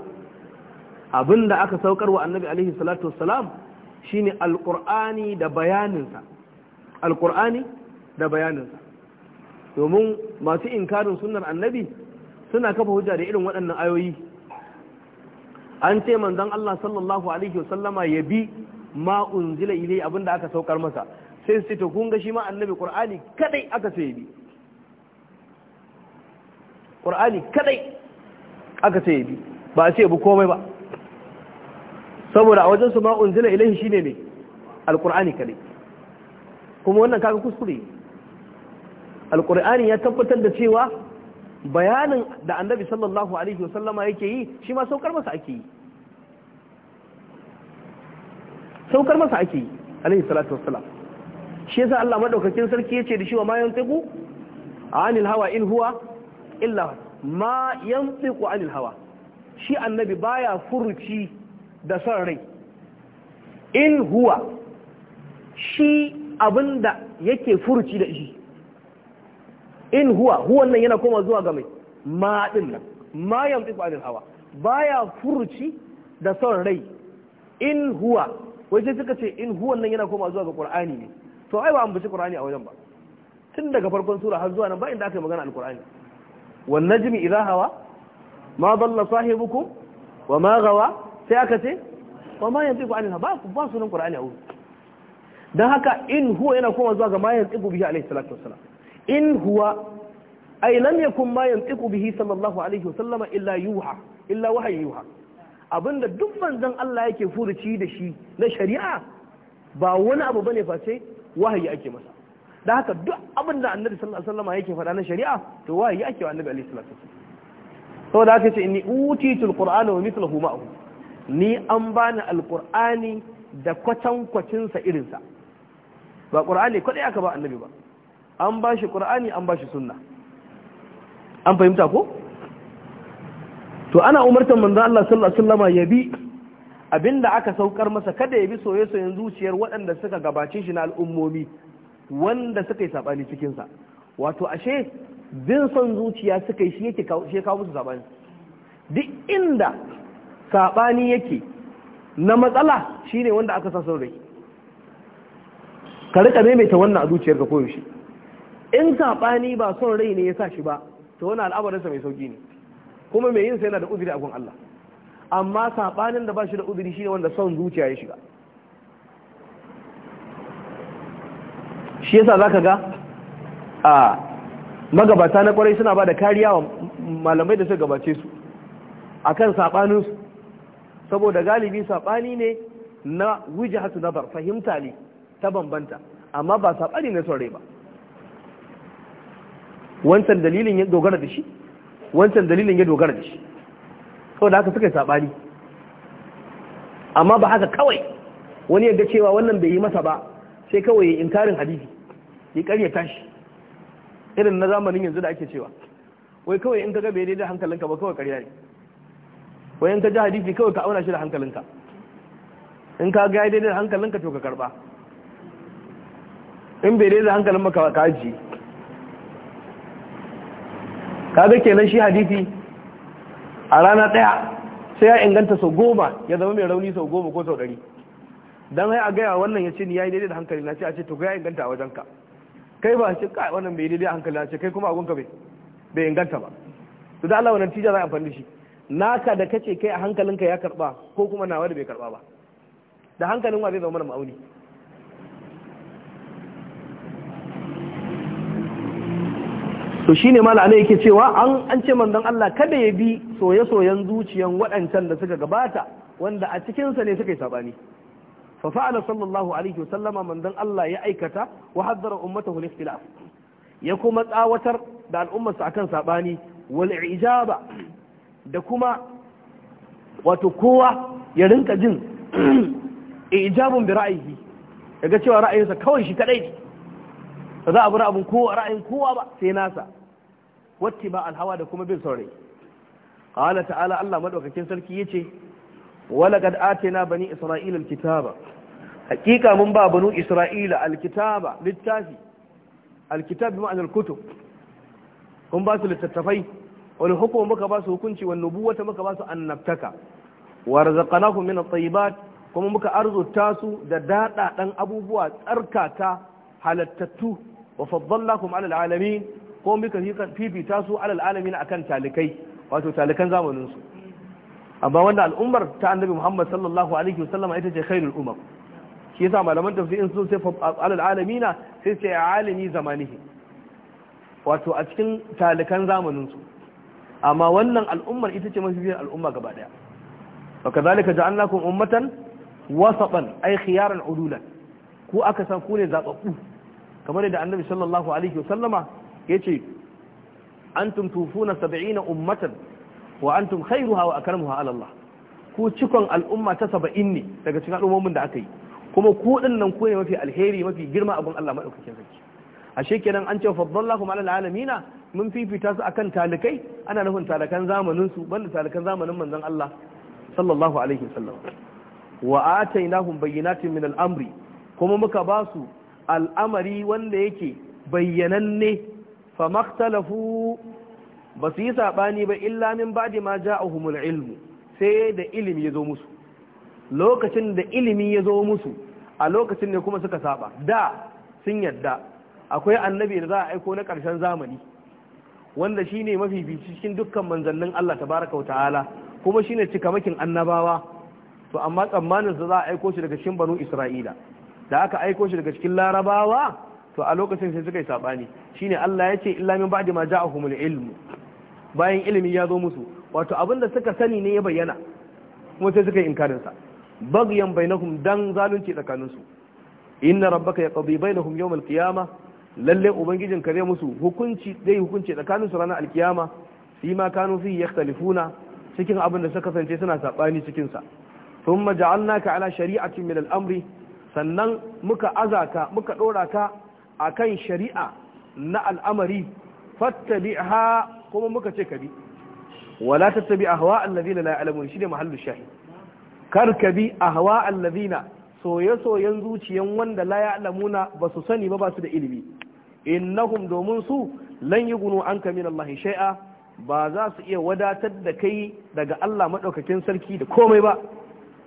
abinda aka saukar wa annabi alaihi salatu wassalam shine alqur'ani da bayaninsa alqur'ani da bayaninsa domin masu inkarin sunnar annabi suna kafa hujja da irin waɗannan ayoyi an ce manzon Allah sallallahu alaihi wasallama ya bi ma unzila ilai abinda aka saukar masa sai su to kun ga shi ma annabi ƙur'ani kadai aka ce bi qur'ani kadai aka ce bi ba a ce bu komai ba saboda a wajen su ma unzila ilahi shine ne Alƙur'ani kare kuma wannan kaga kuskure Alƙur'ani ya tabbatar da cewa bayanin da annabi sallallahu alaihi wasallama yake yi shi ma saukar masa ake yi saukar masa ake yi alaihi salatu wassalam shi yasa Allah madaukakin sarki yace da shi wa mayan tabu anil hawa in huwa illa ma yantiqu anil hawa shi annabi baya furuci da son rai in huwa shi abinda yake furuci da shi in huwa huwan nan yana koma zuwa ga mai ma ɗin nan ma yantiqu anil hawa baya furuci da son rai in huwa wajen suka ce in huwan nan yana koma zuwa ga ƙur'ani ne to ai ba an bishi ƙur'ani a wajen ba tun daga farkon sura har zuwa nan ba inda aka yi magana al-qur'ani wan najmi idha hawa ma dalla sahibukum wa ma sai aka ce wa ma yantiqu ba sunan qur'ani a wurin dan haka in yana koma zuwa ga ma yantiqu bihi alaihi salatu wassalam in huwa ay lam yakun ma yantiqu bihi sallallahu alaihi illa abinda duk manzan Allah yake furuci da shi na shari'a ba wani abu bane face wahayi ake masa da haka duk abin da annabi sallallahu alaihi wasallam yake faɗa na shari'a to wahayi ake wa annabi alaihi sallallahu alaihi wasallam saboda haka ce inni utitul qur'ana wa mithluhu ma'ahu ni an bani alqur'ani da kwatan kwacin sa irin sa ba qur'ani kadai aka ba annabi ba an ba shi qur'ani an ba shi sunna an fahimta ko to ana umartar manzon Allah sallallahu alaihi wasallam ya bi abinda aka saukar masa kada ya bi soye-soyen zuciyar waɗanda suka gabace shi na al'ummomi wanda suka yi saɓani cikinsa wato ashe bin son zuciya suka yi shi yake kawo musu saɓani duk inda saɓani yake na matsala shine wanda aka sa son rai ka rika maimaita wannan a zuciyar zuciyarka koyaushe in saɓani ba son rai ne ya sa shi ba to wani al'amarinsa mai sauƙi ne kuma mai yinsa yana da uzuri a gun Allah amma saɓanin da ba shi da shi ne wanda son zuciya ya shiga shi yasa zaka ga a magabata na kwarai suna ba da kariya wa malamai da suka gabace su akan sabanin su saboda galibi sabani ne na wujhatu nazar fahimta ne ta bambanta amma ba sabani ne son ba wancan dalilin ya dogara da shi wancan dalilin ya dogara da shi saboda haka suka yi sabani amma ba haka kawai wani ya ga cewa wannan bai yi masa ba sai kawai ya inkarin hadisi ya karyata shi irin na zamanin yanzu da ake cewa wai kawai in ka ga bai daidai hankalinka ba kawai karya ne wai in ka ji hadisi kawai ka auna shi da hankalinka in ka ga daidai da hankalinka to ka karba in bai daidai da hankalin maka ka ji ka ga kenan shi hadisi a rana ɗaya sai ya inganta sau goma ya zama mai rauni sau goma ko sau ɗari dan ai a gaya wannan ya ce ni yayi daidai da hankali na ce a ce to ga ya inganta a wajen ka kai ba ce kai wannan bai daidai a hankali na ce kai kuma agunka bai bai inganta ba to da Allah wannan tija zai amfani da shi naka da kace kai a hankalinka ya karba ko kuma nawa da bai karba ba da hankalin wa zai zama mana ma'auni to shine malama yake cewa an an ce manzon Allah kada ya bi soye-soyen zuciyan waɗancan da suka gabata wanda a cikinsa ne suka yi sabani fa fa'ala sallallahu alaihi wa sallama manzon Allah ya aikata wa ummata ummatahu lil ya kuma tsawatar da al'ummarsa akan saɓani wal ijaba da kuma wato kowa ya rinka jin ijabun bi ra'ayi daga cewa ra'ayinsa kawai shi kadai ba za a bar abin kowa ra'ayin kowa ba sai nasa wacce ba alhawa da kuma bin saurayi qala ta'ala Allah madaukakin sarki ya ce. ولقد آتنا بني إسرائيل الكتابة حقيقة من بنو إسرائيل الكتابة للتافي الكتاب بمعنى الكتب هم باسوا للتتفي والحكم مكا باسوا كنشي والنبوة مكا باسوا النبتكة ورزقناهم من الطيبات kuma muka arzuta su da daɗaɗen abubuwa tsarkaka halattattu wa faddalla kuma alal alamin ko muka fifita su alal alamin akan talikai wato talikan zamaninsu amma wanda al'ummar ta annabi Muhammad sallallahu alaihi wasallam ita ce khairul umam shi yasa malaman in sun sai alal alamina sai sai alimi zamanihi wato a cikin talikan zamanin su amma wannan al'ummar ita ce mafi al'umma gaba daya wa kadhalika ja'alnakum ummatan wasatan ay khiyaran udulan ku aka san ku ne zababbu kamar yadda annabi sallallahu alaihi wasallama yace antum tufuna 70 ummatan wa antum khairuha wa akramuha ala Allah ku cikon al'umma ta 70 ne daga cikin al'ummomin da aka yi kuma ku nan ku ne mafi alheri mafi girma abun Allah madaukakin sarki ashe kenan an ce faddallahu ala alamina mun fifita su akan talikai ana nufin talakan zamanin su banda talakan zamanin manzon Allah sallallahu alaihi wasallam wa atainahum bayyinatin min al-amri kuma muka ba su al'amari wanda yake bayyananne fa ba su yi saɓani ba illa min ba da ma ja a humul ilmu sai da ilimi ya zo musu lokacin da ilimi ya zo musu a lokacin ne kuma suka saba da sun yadda akwai annabi da za a aiko na ƙarshen zamani wanda shine mafifici cikin dukkan manzannin Allah ta wa ta'ala kuma shine makin annabawa to amma tsammanin su za a aiko shi daga cikin banu Isra'ila da aka aiko shi daga cikin Larabawa to a lokacin sai suka yi saɓani shi ne Allah ya ce illamin min ba'di ma ja'ahumul ilmu bayan ilimi ya zo musu wato abin da suka sani ne ya bayyana kuma sai suka yi inkarinsa bagyan bainahum dan zalunci tsakaninsu inna rabbaka yaqdi bainahum yawm al-qiyamah lalle ubangijin ka zai musu hukunci zai hukunci tsakanin su ranar alkiyama fi ma kanu fi yakhtalifuna cikin abin da suka kasance suna sabani cikin sa thumma ja'alnaka ala shari'atin min al-amri sannan muka azaka muka dora ka akan shari'a na al'amari fattabi'ha kuma muka ce ka bi wala tattabi ahwa allazina la ya'lamun ne mahallu shahi kar ka bi ahwa allazina soye-soyen zuciyan wanda la ya'lamuna ba su sani ba ba su da ilimi innahum domin su lan yughnu anka min Allah shay'a ba za su iya wadatar da kai daga Allah madaukakin sarki da komai ba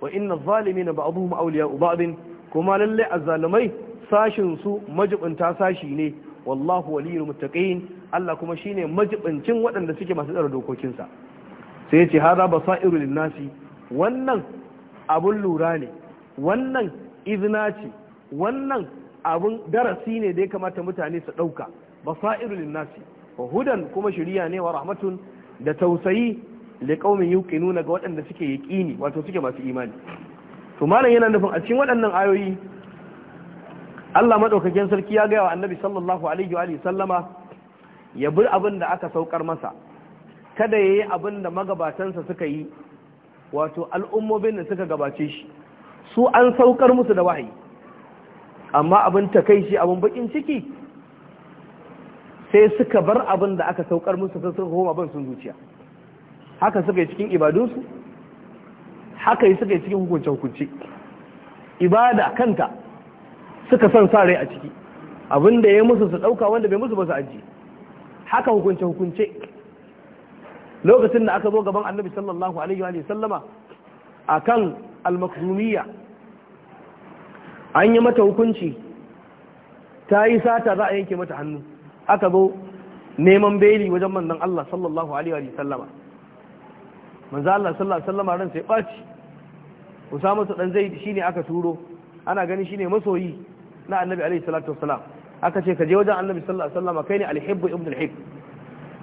wa inna zalimina ba'dhum awliya'u abin? kuma lalle azzalumai sashin su majibunta sashi ne wallahu waliyul muttaqin Allah kuma shine majibincin waɗanda suke masu tsara dokokinsa sai ya ce ba Sa'iru linnasi wannan abun lura ne wannan izina ce wannan abun darasi ne da ya kamata mutane su ɗauka Sa'iru linnasi hudan kuma shirya ne wa rahmatun da tausayi Da kaumin yuki nuna ga waɗanda suke yaƙini. wato suke masu imani to malam yana nufin a cikin waɗannan ayoyi Allah madaukakin sarki ya gaya wa annabi sallallahu alaihi wa sallama ya bi abin da aka saukar masa kada ya yi abin da magabatansa suka yi wato al'ummomin da suka gabace shi su an saukar musu da wahayi amma abin ta kai shi abin bakin ciki sai suka bar abin da aka saukar musu sun suka koma ban sun zuciya haka suka yi cikin ibadunsu haka yi suka yi cikin hukunce hukunce ibada kanta suka son sa rai a ciki abin da ya musu su ɗauka wanda bai musu ba su ajiye haka hukunce hukunce lokacin da aka zo gaban annabi sallallahu alaihi wa sallama akan al-makhzumiyya an yi mata hukunci ta yi sata za a yanke mata hannu aka zo neman beli wajen Mandan Allah sallallahu alaihi wa sallama manzo Allah sallallahu alaihi wa sallama ran sai baci Usama dan shi shine aka turo ana ganin shine masoyi na Annabi alaihi salatu wassalam aka ce ka je wajen annabi sallallahu alaihi wasallam kai ne alhibbu ibn alhib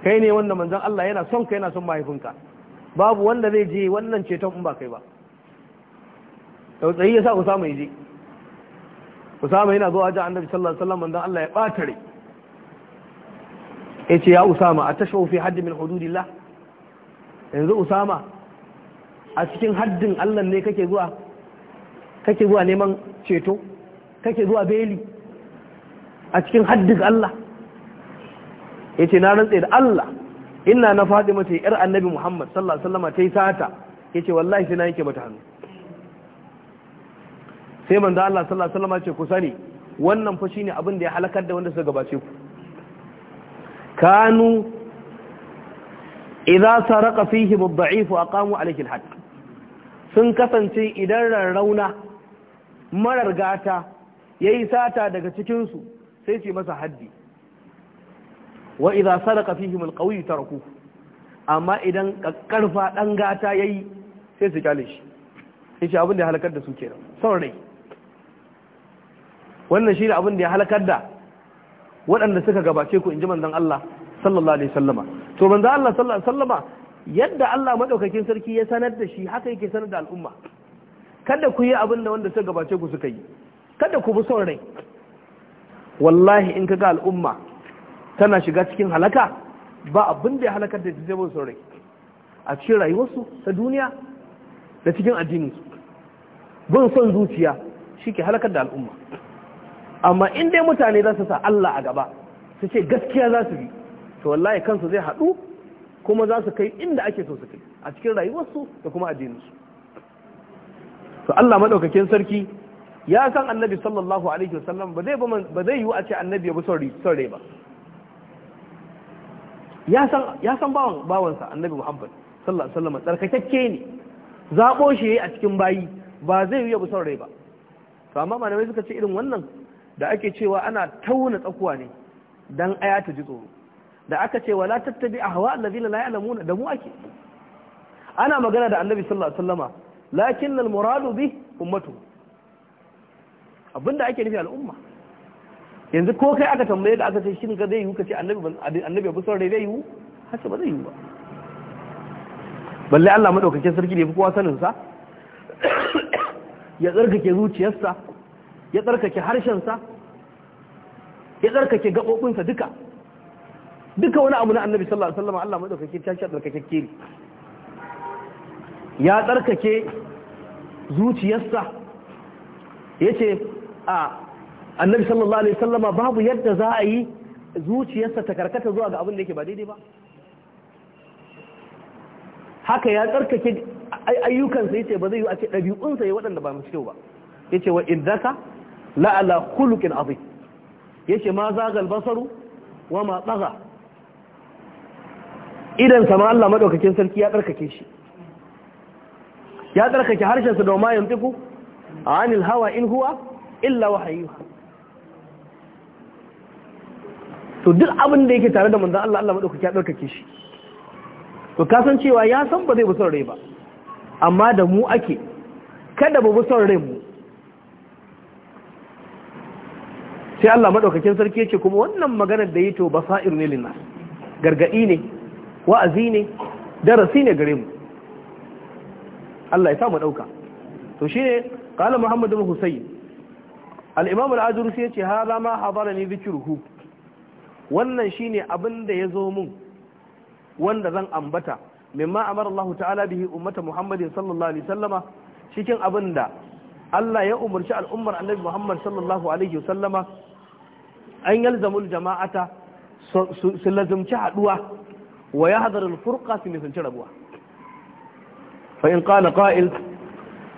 kai ne wanda manzon Allah yana son ka yana son mahaifinka babu wanda zai je wannan ceton in ba kai ba tsautsayi yasa Usama ya je Usama yana zuwa wajen annabi sallallahu alaihi wasallam manzon Allah ya batare yace ya Usama atashau fi hadd min hududillah yanzu Usama a cikin haddin Allah ne kake zuwa kake zuwa neman ceto kake zuwa beli a cikin haddin Allah ya ce na rantse da Allah ina na faɗi mace ‘yar annabi Muhammad sallallahu Alaihi wasallam ta yi sata ya ce wallahi sai na yake mata hannu sai manzo Allah sallallahu Alaihi wasallama ce ku sani wannan fa shine abin da ya halakar da wanda suka gabace ku kanu idza saraqa fihi bid daif aqamu alayhi al-hadd sun kasance idan rarrauna marar gata yayi sata daga cikin su sai ce masa haddi wa idza saraka fihim alqawi taraku amma idan kakkarfa dan gata yayi sai su kyale shi sai ce abin da ya halakar da su kenan son rai wannan shi ne abin da ya halakar da waɗanda suka gabace ku in inji manzon Allah sallallahu alaihi wasallama to manzon Allah sallallahu alaihi wasallama yadda Allah madaukakin sarki ya sanar da shi haka yake sanar da al'umma kada ku yi abin da wanda suka gabace ku suka yi kada ku bi son rai wallahi in ka ga al'umma tana shiga cikin halaka ba abin da ya halakar da ita zai saurayi a cikin rayuwarsu ta duniya da cikin addininsu bin son zuciya shi ke halakar da al'umma amma in dai mutane za su sa Allah a gaba su ce gaskiya za su bi to wallahi kansu zai haɗu kuma za su kai inda ake so su kai a cikin rayuwarsu da kuma addininsu to Allah maɗaukakin sarki ya san annabi sallallahu alaihi wasallam ba zai ba zai yi a ce annabi ya bi son rai ba ya san ya san bawan bawansa annabi muhammad sallallahu alaihi wasallam tsarkakekke ne zabo shi a cikin bayi ba zai yi ya bi son ba to amma malamai suka ce irin wannan da ake cewa ana tauna tsakuwa ne dan aya ta ji tsoro da aka ce wala tattabi ahwa allazina la ya'lamuna da mu ake ana magana da annabi sallallahu alaihi wasallama lakinnal muradu bi ummatuhu abinda ake nufi al'umma yanzu ko kai aka tambaye da aka ce shi ka zai yiwu ka ce annabi abu son rai zai yiwu hasa ba zai yiwu ba balle Allah maɗaukakin sarki da ya fi kowa saninsa. ya tsarkake zuciyarsa ya tsarkake harshensa ya tsarkake gaɓoɓinsa duka duka wani abu na annabi sallallahu alaihi wasallam Allah maɗaukakin ta shi tsarkakekke ne ya tsarkake zuciyarsa Ya ce. a annabi sallallahu alaihi sallama babu yadda za a yi zuciyarsa ta karkata zuwa ga abin da yake ba daidai ba haka ya tsarkake ayyukansa yace ba zai yi a ce ɗabi'unsa ya waɗanda ba mu kyau ba yace wa iddaka la ala khuluqin azim yace ma zagal basaru wa ma tsaga idan sama Allah maɗaukakin sarki ya tsarkake shi ya tsarkake harshensa da ma yantiku anil hawa in huwa illa wahayi to duk abin da yake tare da manzan Allah Allah maɗaukaki ya ɗaukake shi to kasan cewa ya san ba zai bi son rai ba amma da mu ake kada ba bi son rai mu sai Allah maɗaukakin sarki ya ce kuma wannan maganar da yi to sa’ir ne lina gargaɗi ne wa'azi ne darasi ne gare mu Allah ya sa mu ɗauka to shi ne ƙala Muhammadu Hussein al'imam al'ajirus ya ce ha zama habara ne zikirhu wannan shi ne abin da ya zo mun wanda zan ambata mimma amara Allah ta'ala bihi ummata Muhammadin sallallahu alaihi sallama cikin abin da Allah ya umarci al'ummar annabi Muhammad sallallahu alaihi sallama an yalzamul jama'ata su lazumci haɗuwa wa yahdharu al-furqa fi mithli rabuwa fa in qala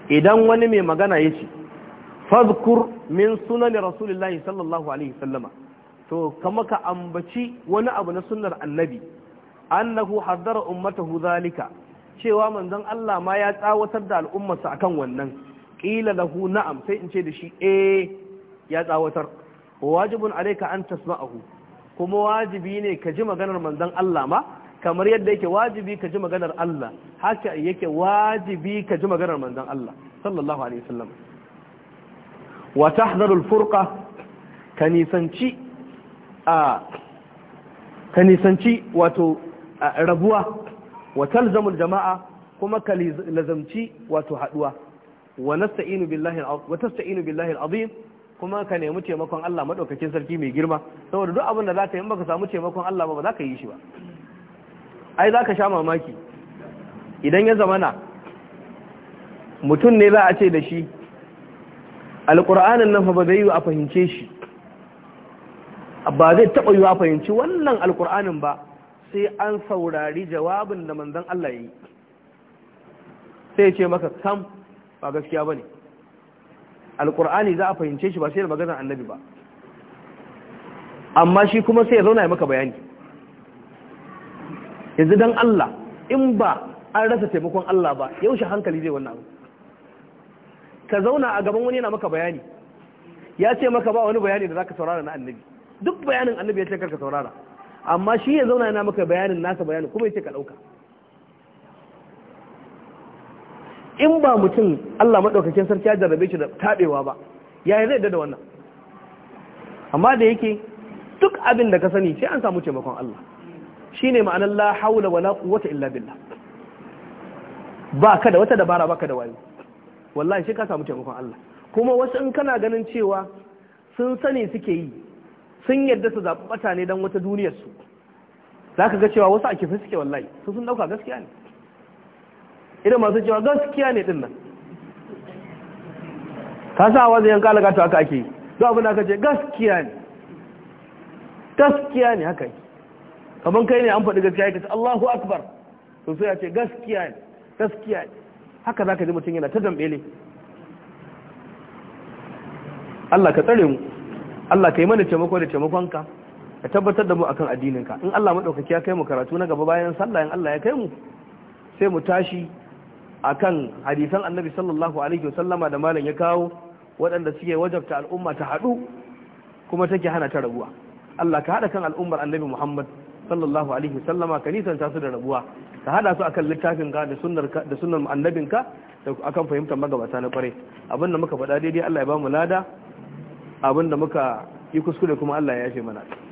idan wani mai magana ya ce Fadkur min sunan rasulillahi sallallahu alaihi sallama to kama ka ambaci wani abu na sunnar annabi annahu haddara ummatahu zalika cewa manzon Allah ma ya tsawatar da al'ummarsa akan wannan qila lahu na'am sai in ce da shi eh ya tsawatar wajibun alayka an tasma'ahu kuma wajibi ne ka ji maganar manzon Allah ma kamar yadda yake wajibi ka ji maganar Allah haka yake wajibi ka ji maganar manzon Allah sallallahu alaihi wasallam wa tahdharul furqa ka a ka nisanci wato rabuwa wa talzamul jama'a kuma ka lazamci wato haduwa wa nasta'inu billahi wa kuma ka nemi taimakon Allah madaukakin sarki mai girma saboda duk abin da za ka yi baka samu taimakon Allah ba ba za ka yi shi ba ai za ka sha mamaki idan ya zamana mutum ne za a ce da shi alƙur'anin nan fa ba zai yi a fahimce shi ba zai taɓa yi a fahimci wannan alƙur'anin ba sai an saurari jawabin da manzan Allah ya yi sai ce maka sam ba gaskiya ba ne alƙur'ani za a fahimce shi ba sai da maganar annabi ba amma shi kuma sai ya zauna ya maka bayani yanzu don Allah in ba an rasa taimakon Allah ba yaushe hankali zai wannan abu ka zauna a gaban wani yana maka bayani ya ce maka ba wani bayani da zaka saurara na annabi duk bayanin annabi ya ce karka saurara amma shi ya zauna yana maka bayanin nasa bayanin kuma ya ce ka ɗauka in ba mutum Allah maɗaukakin sarki ya jarrabe shi da taɓewa ba yayin zai da wannan amma da yake duk abin da ka sani sai an samu taimakon Allah shi ne ma'anar la haula quwwata illa billah ba ka da wata dabara ba ka da wayo wallahi shi ka samu taimakon Allah kuma wasu in kana ganin cewa sun sani suke yi sun yarda su zaɓi mutane ne don wata duniyar su za ka ga cewa wasu a fi suke wallahi su sun ɗauka gaskiya ne idan masu cewa gaskiya ne din nan ka sa wa zai yanka alaƙa to haka ake yi don abin da aka ce gaskiya ne gaskiya ne haka kaman kamar kai ne an faɗi gaskiya ya kace Allahu Akbar to sai ya ce gaskiya ne gaskiya ne haka za ka ji mutum yana ta dambele Allah ka tsare mu Allah ka yi mana taimako da taimakonka ka tabbatar da mu akan addininka in Allah maɗaukaki ya kai mu karatu na gaba bayan sallah in Allah ya kai mu sai mu tashi akan hadisan annabi sallallahu alaihi wasallama da malam ya kawo waɗanda suke wajabta al'umma ta haɗu kuma take hana ta raguwa Allah ka haɗa kan al'ummar annabi Muhammad sallallahu alaihi sallama ka nisanta su da rabuwa ka hada su akan littafin ka da sunnar ka da sunnar annabin ka da akan fahimtar magabata na kware abinda muka faɗa daidai Allah ya bamu lada abinda muka yi kuskure kuma Allah ya yafe mana